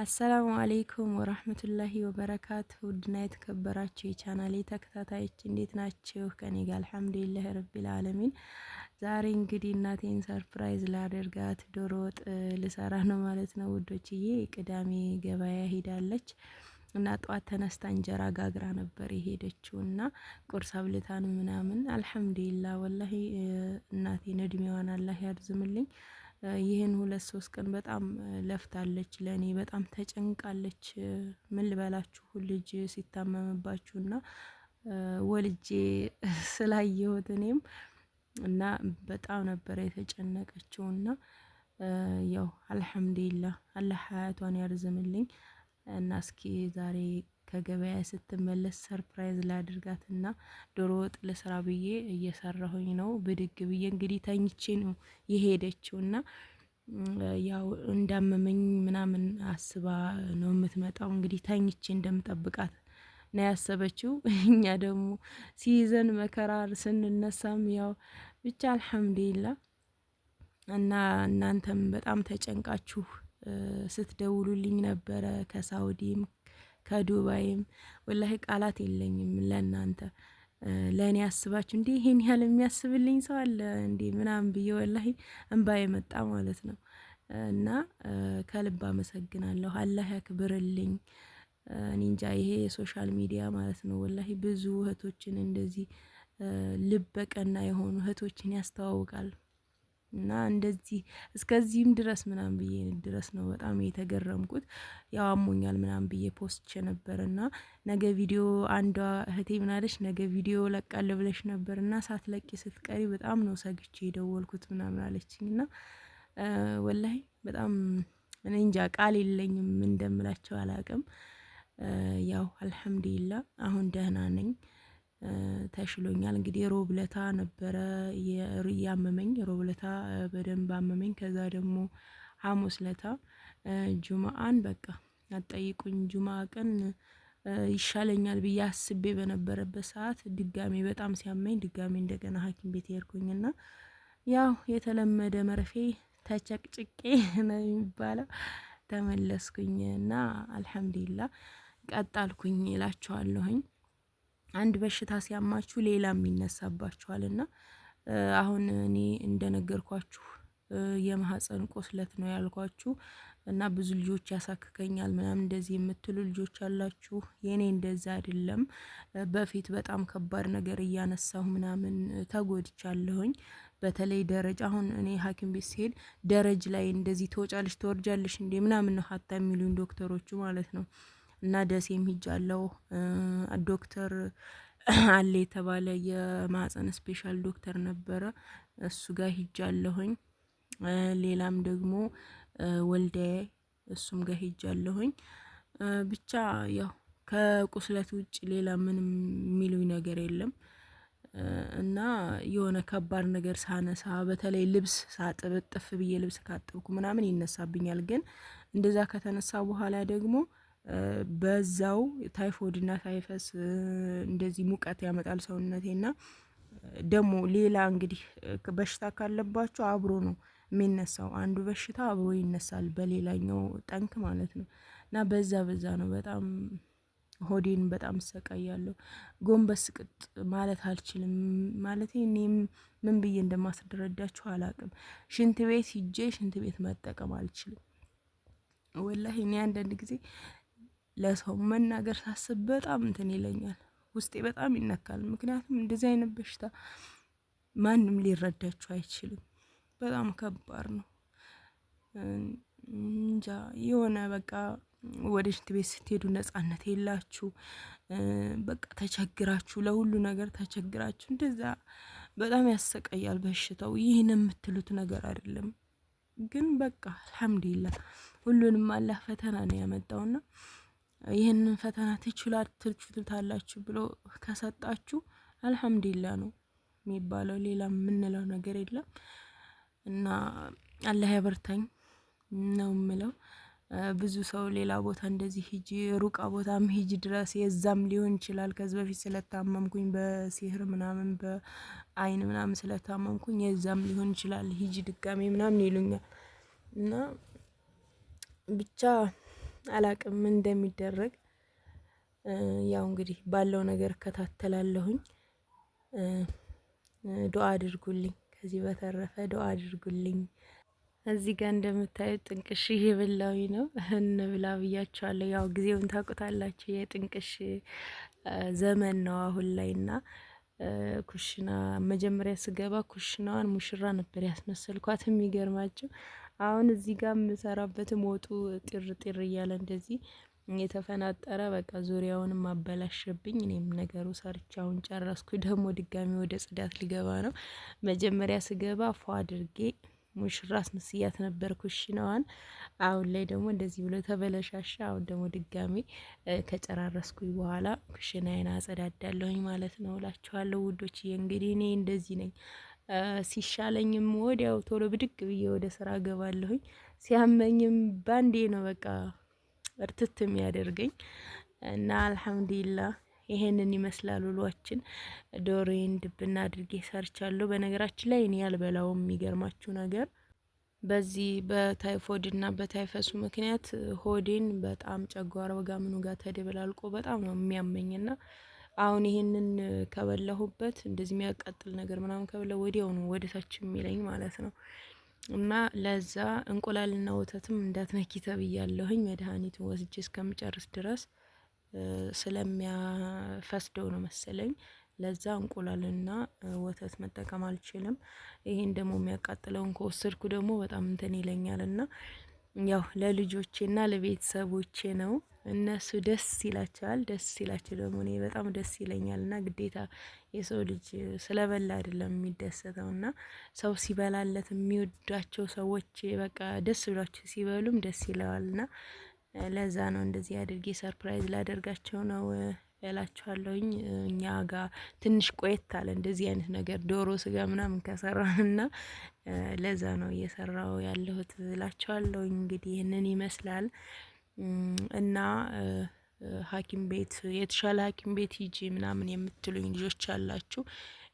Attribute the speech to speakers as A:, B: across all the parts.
A: አሰላሙ አሌይኩም ወራህመቱላሂ ወበረካቱ። ውድና የተከበራችሁ የቻናሌ ተከታታዮች እንዴት ናችሁ? ከኔ ጋር አልሐምዱሊላህ ረቢል አለሚን። ዛሬ እንግዲህ እናቴን ሰርፕራይዝ ላደርጋት ዶሮ ወጥ ልሰራ ነው ማለት ነው ውዶችዬ። ቅዳሜ ገበያ ሄዳለች እና ጠዋት ተነስታ እንጀራ ጋግራ ነበር የሄደችው እና ቁርስ አብልታን ምናምን አልሐምዱሊላህ። ወላሂ እናቴን እድሜዋን አላህ ያርዝምልኝ። ይህን ሁለት ሶስት ቀን በጣም ለፍታለች፣ ለእኔ በጣም ተጨንቃለች። ምን ልበላችሁ ልጅ ሲታመምባችሁና ወልጄ ስላየሁት እኔም እና በጣም ነበረ የተጨነቀችው እና ያው አልሐምዱሊላህ አላህ ሀያቷን ያርዝምልኝ እና እስኪ ዛሬ ከገበያ ስትመለስ ሰርፕራይዝ ላድርጋትና ዶሮ ወጥ ለስራ ብዬ እየሰራሁኝ ነው። ብድግ ብዬ እንግዲህ ተኝቼ ነው የሄደችው እና ያው እንዳመመኝ ምናምን አስባ ነው የምትመጣው። እንግዲህ ተኝቼ እንደምጠብቃት ነው ያሰበችው። እኛ ደግሞ ሲይዘን መከራ ስንነሳም ያው ብቻ አልሐምዱሊላ። እና እናንተም በጣም ተጨንቃችሁ ስትደውሉልኝ ነበረ ከሳውዲም ከዱባይም ወላሂ ቃላት የለኝም ለእናንተ ለእኔ አስባችሁ እንዲህ ይሄን ያህል የሚያስብልኝ ሰው አለ እንዲህ ምናምን ብዬ ወላሂ እንባ የመጣ ማለት ነው። እና ከልብ አመሰግናለሁ። አላህ ያክብርልኝ። እኔ እንጃ ይሄ የሶሻል ሚዲያ ማለት ነው ወላሂ ብዙ እህቶችን እንደዚህ ልበቀና የሆኑ እህቶችን ያስተዋውቃል። እና እንደዚህ እስከዚህም ድረስ ምናምን ብዬ ድረስ ነው በጣም የተገረምኩት። ያው አሞኛል ምናምን ብዬ ፖስቼ ነበር እና ነገ ቪዲዮ አንዷ እህቴ ምናለች ነገ ቪዲዮ ለቃለ ብለሽ ነበር እና ለቂ ስትቀሪ በጣም ነው ሰግቼ የደወልኩት ምናምን አለችኝ። እና ወላይ በጣም እኔ እንጃ ቃል የለኝም እንደምላቸው አላቅም። ያው አልሐምዱሊላ አሁን ደህና ነኝ። ተሽሎኛል። እንግዲህ ሮብ ለታ ነበረ ያመመኝ ሮብለታ በደንብ አመመኝ። ከዛ ደግሞ ሀሙስ ለታ ጁማአን በቃ አትጠይቁኝ ጁማ ቀን ይሻለኛል ብዬ አስቤ በነበረበት ሰዓት ድጋሜ በጣም ሲያመኝ ድጋሜ እንደገና ሐኪም ቤት ሄድኩኝና ያው የተለመደ መርፌ ተቸቅጭቄ ነው የሚባለው ተመለስኩኝ እና አልሐምዱሊላ ቀጣልኩኝ ይላችኋለሁኝ። አንድ በሽታ ሲያማችሁ ሌላም ይነሳባችኋል እና አሁን እኔ እንደነገርኳችሁ የማህፀን ቁስለት ነው ያልኳችሁ እና ብዙ ልጆች ያሳክከኛል ምናምን እንደዚህ የምትሉ ልጆች አላችሁ። የእኔ እንደዛ አይደለም። በፊት በጣም ከባድ ነገር እያነሳሁ ምናምን ተጎድቻለሁኝ። በተለይ ደረጃ አሁን እኔ ሐኪም ቤት ሲሄድ ደረጅ ላይ እንደዚህ ትወጫለሽ ተወርጃለሽ እንዴ ምናምን ነው ሀታ የሚሉኝ ዶክተሮቹ ማለት ነው። እና ደሴም ሂጃለሁ። ዶክተር አለ የተባለ የማህፀን ስፔሻል ዶክተር ነበረ እሱ ጋር ሂጃለሁኝ። ሌላም ደግሞ ወልዳዬ እሱም ጋር ሂጃለሁኝ። ብቻ ያው ከቁስለት ውጭ ሌላ ምንም የሚሉኝ ነገር የለም። እና የሆነ ከባድ ነገር ሳነሳ በተለይ ልብስ ሳጥብ እጥፍ ብዬ ልብስ ካጥብኩ ምናምን ይነሳብኛል። ግን እንደዛ ከተነሳ በኋላ ደግሞ በዛው ታይፎድ እና ታይፈስ እንደዚህ ሙቀት ያመጣል ሰውነቴ ና ደግሞ ሌላ እንግዲህ በሽታ ካለባቸው አብሮ ነው የሚነሳው። አንዱ በሽታ አብሮ ይነሳል በሌላኛው ጠንክ ማለት ነው። እና በዛ በዛ ነው በጣም ሆዴን በጣም ሰቃያለሁ። ጎንበስ ቅጥ ማለት አልችልም። ማለት እኔ ምን ብዬ እንደማስደረዳችሁ አላቅም። ሽንት ቤት ሂጄ ሽንት ቤት መጠቀም አልችልም። ወላሂ እኔ አንዳንድ ጊዜ ለሰው መናገር ሳስብ በጣም እንትን ይለኛል፣ ውስጤ በጣም ይነካል። ምክንያቱም እንደዚህ አይነት በሽታ ማንም ሊረዳችሁ አይችልም። በጣም ከባድ ነው። እንጃ የሆነ በቃ ወደ ሽንት ቤት ስትሄዱ ነጻነት የላችሁ። በቃ ተቸግራችሁ፣ ለሁሉ ነገር ተቸግራችሁ፣ እንደዛ በጣም ያሰቃያል በሽታው። ይህን የምትሉት ነገር አይደለም፣ ግን በቃ አልሐምዱሊላህ ሁሉንም አላህ ፈተና ነው ያመጣውና ይህንን ፈተና ትችላል ትችሉታላችሁ ብሎ ከሰጣችሁ አልሐምዱሊላህ ነው የሚባለው። ሌላ የምንለው ነገር የለም እና አላህ ያበርታኝ ነው የምለው። ብዙ ሰው ሌላ ቦታ እንደዚህ ሂጂ ሩቃ ቦታም ሂጂ ድረስ የዛም ሊሆን ይችላል። ከዚህ በፊት ስለታመምኩኝ በሲህር ምናምን በአይን ምናምን ስለታመምኩኝ የዛም ሊሆን ይችላል ሂጂ ድጋሜ ምናምን ይሉኛል እና ብቻ አላቅም እንደሚደረግ። ያው እንግዲህ ባለው ነገር እከታተላለሁኝ። ዱአ አድርጉልኝ። ከዚህ በተረፈ ዱአ አድርጉልኝ። እዚህ ጋር እንደምታዩት ጥንቅሽ የበላዊ ነው እንብላ ብያቸዋለሁ። ያው ጊዜውን ታውቁታላችሁ የጥንቅሽ ዘመን ነው አሁን ላይ እና ኩሽና መጀመሪያ ስገባ ኩሽናዋን ሙሽራ ነበር ያስመሰልኳት የሚገርማቸው። አሁን እዚህ ጋር የምሰራበትም ወጡ ጥር ጥር እያለ እንደዚህ የተፈናጠረ በቃ ዙሪያውን ማበላሸብኝ። እኔም ነገሩ ሰርቻውን ጨረስኩ። ደግሞ ድጋሚ ወደ ጽዳት ሊገባ ነው። መጀመሪያ ስገባ ፏ አድርጌ ሙሽራ አስመስያት ነበር ኩሽናዋን። አሁን ላይ ደግሞ እንደዚህ ብሎ ተበለሻሻ። አሁን ደግሞ ድጋሚ ከጨራረስኩኝ በኋላ ኩሽናዬን አጸዳዳለሁኝ ማለት ነው እላችኋለሁ ውዶች። እንግዲህ እኔ እንደዚህ ነኝ። ሲሻለኝም ወዲያው ቶሎ ብድግ ብዬ ወደ ስራ ገባለሁኝ። ሲያመኝም ባንዴ ነው በቃ እርትት የሚያደርገኝ እና አልሐምዱሊላህ ይሄንን ይመስላል ውሏችን። ዶሮዬን ድብና አድርጌ ሰርቻለሁ። በነገራችን ላይ እኔ ያልበላውም የሚገርማችሁ ነገር በዚህ በታይፎድ እና በታይፈሱ ምክንያት ሆዴን በጣም ጨጓራው ጋር ምኑ ጋር ተደበላልቆ በጣም ነው የሚያመኝና አሁን ይሄንን ከበላሁበት እንደዚህ የሚያቃጥል ነገር ምናምን ከበላ ወዲያውኑ ወደታች የሚለኝ ማለት ነው። እና ለዛ እንቁላልና ወተትም እንዳትነኪ ተብያለሁኝ። መድኃኒቱን ወስጄ እስከምጨርስ ድረስ ስለሚያፈስደው ነው መሰለኝ። ለዛ እንቁላልና ወተት መጠቀም አልችልም። ይሄን ደግሞ የሚያቃጥለውን ከወሰድኩ ደግሞ በጣም እንትን ይለኛል እና ያው ለልጆቼና ለቤተሰቦቼ ነው እነሱ ደስ ይላቸዋል። ደስ ይላቸው ደግሞ እኔ በጣም ደስ ይለኛል። እና ግዴታ የሰው ልጅ ስለበላ አይደለም የሚደሰተው እና ሰው ሲበላለት የሚወዷቸው ሰዎች በቃ ደስ ብሏቸው ሲበሉም ደስ ይለዋል። እና ለዛ ነው እንደዚህ አድርጌ ሰርፕራይዝ ላደርጋቸው ነው እላችኋለሁኝ። እኛ ጋር ትንሽ ቆየት አለ እንደዚህ አይነት ነገር ዶሮ ስጋ ምናምን ከሰራን እና ለዛ ነው እየሰራው ያለሁት እላችኋለሁኝ። እንግዲህ ይህንን ይመስላል። እና ሐኪም ቤት የተሻለ ሐኪም ቤት ሂጂ ምናምን የምትሉኝ ልጆች አላችሁ።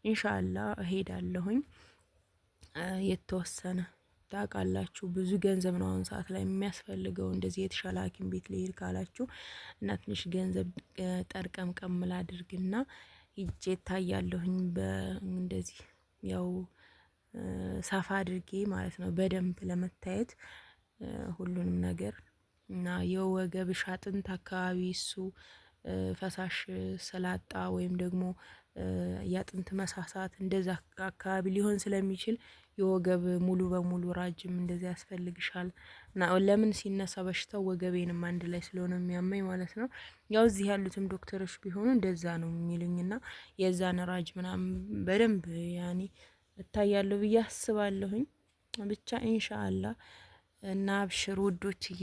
A: ኢንሻላ እሄዳለሁኝ። የተወሰነ ታውቃላችሁ፣ ብዙ ገንዘብ ነው አሁን ሰዓት ላይ የሚያስፈልገው እንደዚህ የተሻለ ሐኪም ቤት ልሄድ ካላችሁ እና ትንሽ ገንዘብ ጠርቀም ቀምል አድርግና ሂጄ እታያለሁኝ። እንደዚህ ያው ሰፋ አድርጌ ማለት ነው በደንብ ለመታየት ሁሉንም ነገር እና የወገብሽ አጥንት አካባቢ እሱ ፈሳሽ ስላጣ ወይም ደግሞ የአጥንት መሳሳት እንደዛ አካባቢ ሊሆን ስለሚችል የወገብ ሙሉ በሙሉ ራጅም እንደዚ ያስፈልግሻል። ለምን ሲነሳ በሽታው ወገቤንም አንድ ላይ ስለሆነ የሚያመኝ ማለት ነው። ያው እዚህ ያሉትም ዶክተሮች ቢሆኑ እንደዛ ነው ና የዛን ራጅ ምናምን በደንብ ያኔ እታያለሁ ብዬ አስባለሁኝ። ብቻ ኢንሻአላህ እና አብሽር ውዶችዬ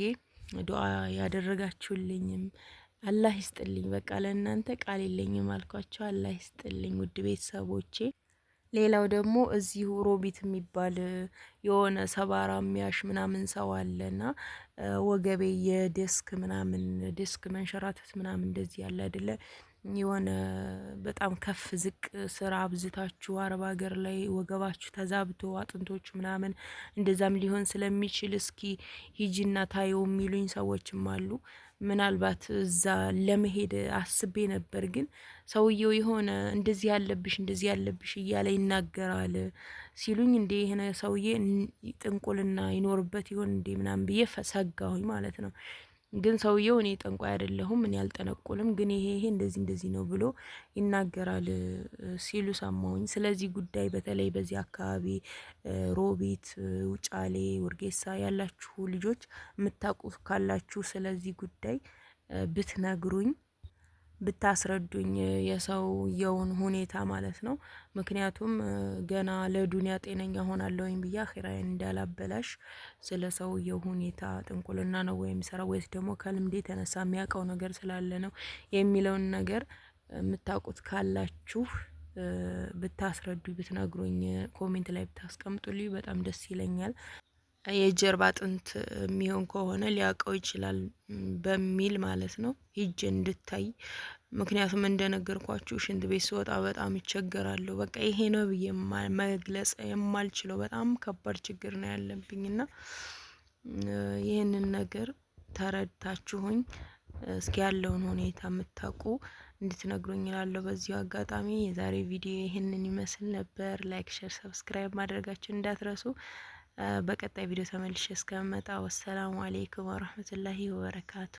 A: ዱዓ ያደረጋችሁልኝም አላህ ይስጥልኝ። በቃ ለእናንተ ቃል የለኝም አልኳቸው። አላህ ይስጥልኝ ውድ ቤተሰቦቼ። ሌላው ደግሞ እዚሁ ሮቢት የሚባል የሆነ ሰባራ ሚያሽ ምናምን ሰው አለና ወገቤ የዴስክ ምናምን ዴስክ መንሸራተት ምናምን እንደዚህ ያለ አይደለ የሆነ በጣም ከፍ ዝቅ ስራ አብዝታችሁ አረብ ሀገር ላይ ወገባችሁ ተዛብቶ አጥንቶች ምናምን እንደዛም ሊሆን ስለሚችል እስኪ ሂጂና ታየው የሚሉኝ ሰዎችም አሉ። ምናልባት እዛ ለመሄድ አስቤ ነበር፣ ግን ሰውየው የሆነ እንደዚህ ያለብሽ እንደዚህ ያለብሽ እያለ ይናገራል ሲሉኝ እንዴ ይሄን ሰውዬ ጥንቁልና ይኖርበት ይሆን እንዴ ምናምን ብዬ ሰጋሁኝ ማለት ነው። ግን ሰውየው እኔ ጠንቋይ አይደለሁም እኔ አልጠነቁልም፣ ግን ይሄ ይሄ እንደዚህ እንደዚህ ነው ብሎ ይናገራል ሲሉ ሰማውኝ። ስለዚህ ጉዳይ በተለይ በዚህ አካባቢ ሮቢት፣ ውጫሌ፣ ወርጌሳ ያላችሁ ልጆች የምታውቁ ካላችሁ ስለዚህ ጉዳይ ብትነግሩኝ ብታስረዱኝ የሰውየውን ሁኔታ ማለት ነው። ምክንያቱም ገና ለዱንያ ጤነኛ ሆናለሁኝ ብዬ አኺራዬን እንዳላበላሽ ስለ ሰውየው ሁኔታ ጥንቁልና ነው ወይም ሰራ ወይስ ደግሞ ከልምድ የተነሳ የሚያውቀው ነገር ስላለ ነው የሚለውን ነገር የምታውቁት ካላችሁ ብታስረዱ ብትነግሩኝ፣ ኮሜንት ላይ ብታስቀምጡልኝ በጣም ደስ ይለኛል። የጀርባ አጥንት የሚሆን ከሆነ ሊያውቀው ይችላል በሚል ማለት ነው ሂጅ እንድታይ። ምክንያቱም እንደነገርኳችሁ ሽንት ቤት ስወጣ በጣም ይቸገራለሁ። በቃ ይሄ ነው ብዬ መግለጽ የማልችለው በጣም ከባድ ችግር ነው ያለብኝ እና ይህንን ነገር ተረድታችሁኝ እስኪ ያለውን ሁኔታ የምታውቁ እንድትነግሩኝ ይላለሁ በዚሁ አጋጣሚ የዛሬ ቪዲዮ ይህንን ይመስል ነበር። ላይክ፣ ሸር፣ ሰብስክራይብ ማድረጋችን እንዳትረሱ። በቀጣይ ቪዲዮ ተመልሼ እስከምመጣ ወሰላሙ አሌይኩም ወረህመቱላሂ ወበረካቱ።